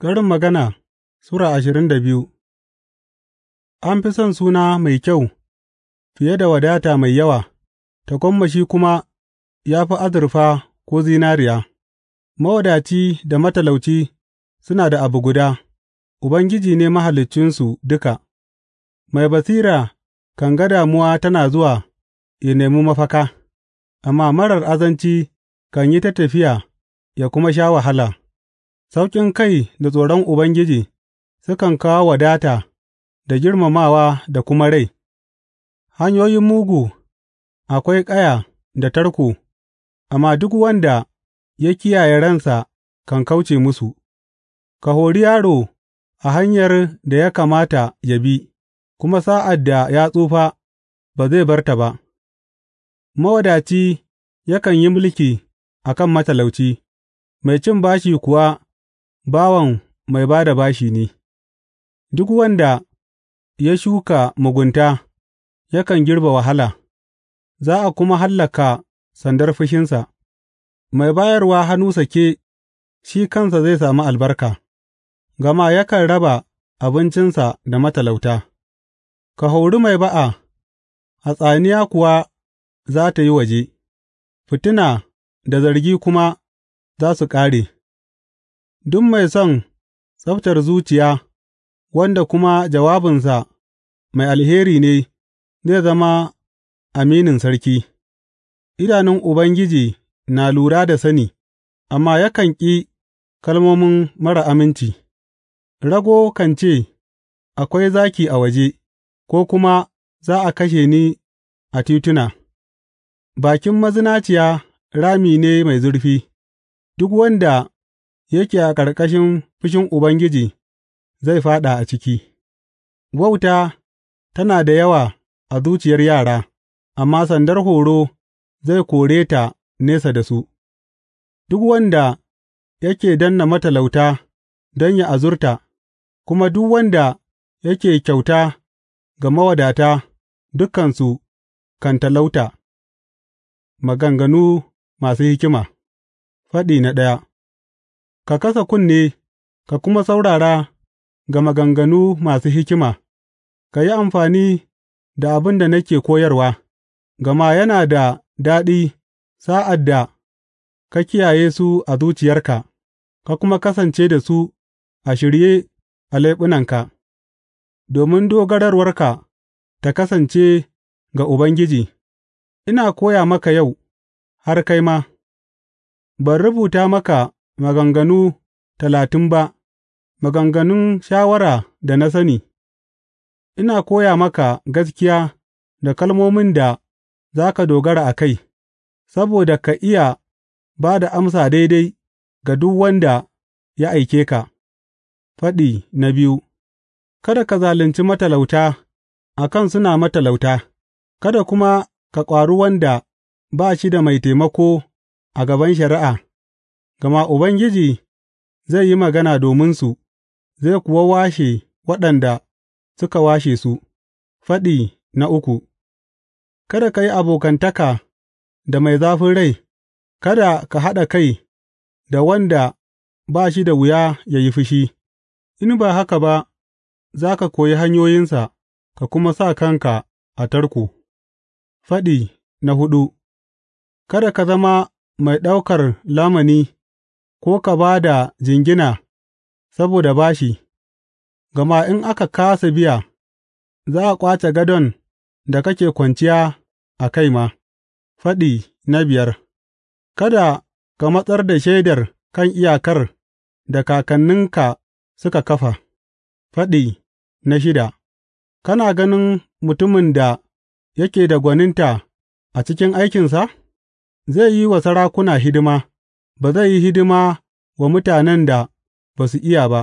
Karin Magana Sura ashirin da biyu An fi son suna mai kyau fiye da wadata mai yawa, ta tagomashi kuma ya fi azurfa ko zinariya; mawadaci da matalauci suna da abu guda, Ubangiji ne Mahaliccinsu duka, mai basira kan ga damuwa tana zuwa ya nemi mafaka, amma marar azanci kan yi ta tafiya ya kuma sha wahala. Sauƙinkai da tsoron Ubangiji sukan kawo wadata da girmamawa da kuma rai; hanyoyin mugu akwai ƙaya da tarko, amma duk wanda ya kiyaye ransa kan kauce musu; ka hori yaro a hanyar da ya kamata ya bi, kuma sa'ad da ya tsufa ba zai bar ta ba; mawadaci yakan yi mulki a kan matalauci, mai cin bashi kuwa. bawan mai ba da bashi ne Duk wanda ya shuka mugunta yakan girba wahala, za a kuma hallaka sandar fushinsa, mai bayarwa hannu sake shi kansa zai sami albarka, gama yakan raba abincinsa da matalauta, ka hori mai ba'a, hatsaniya kuwa za ta yi waje, fitina da zargi kuma za su ƙare. Duk mai son tsabtar zuciya wanda kuma jawabinsa mai alheri ne zai zama aminin sarki; idanun Ubangiji na lura da sani, amma yakan ƙi kalmomin mara aminci; rago kan ce, Akwai zaki a waje,’ ko kuma, Za a kashe ni a tituna; bakin mazinaciya rami ne mai zurfi, duk wanda yake a ƙarƙashin fushin Ubangiji zai fāɗa a ciki; wauta tana da yawa a zuciyar yara, amma sandar horo zai kore ta nesa da su; duk wanda yake danna matalauta don ya azurta, kuma duk wanda yake kyauta ga mawadata, dukansu kan talauta. Maganganu masu hikima Faɗi na ɗaya Ka kasa kunne ka kuma saurara ga maganganu masu hikima; ka yi amfani da abin da nake koyarwa, gama yana da daɗi sa'ad da ka kiyaye su a zuciyarka ka kuma kasance da su a shirye a leɓunanka, domin dogararwarka ta kasance ga Ubangiji, ina koya maka yau, har kai ma, ban rubuta maka. maganganu talatin ba, maganganun shawara da na sani, ina koya maka gaskiya da kalmomin da za ka dogara a kai, saboda ka iya ba da amsa daidai ga duk wanda ya aike ka. Faɗi na biyu Kada ka zalunci matalauta a kan suna matalauta, kada kuma ka ƙwari wanda ba shi da mai taimako a gaban shari'a. Gama Ubangiji zai yi magana dominsu zai kuwa washe waɗanda suka washe su. Faɗi na uku Kada ka yi abokantaka da mai zafin rai, kada ka haɗa kai da wanda ba shi da wuya ya yi fushi, in ba haka ba za ka koyi hanyoyinsa ka kuma sa kanka a tarko. Faɗi na huɗu Kada ka zama mai ɗaukar lamani. ko ka ba da jingina saboda bashi, gama in aka kasa biya, za a ƙwace gadon da kake kwanciya a kai ma. Faɗi na biyar Kada ka matsar da shaidar kan iyakar da kakanninka suka kafa. Faɗi na shida Kana ganin mutumin da yake da gwaninta a cikin aikinsa? Zai yi wa sarakuna hidima. Ba zai yi hidima wa mutanen da ba su iya ba.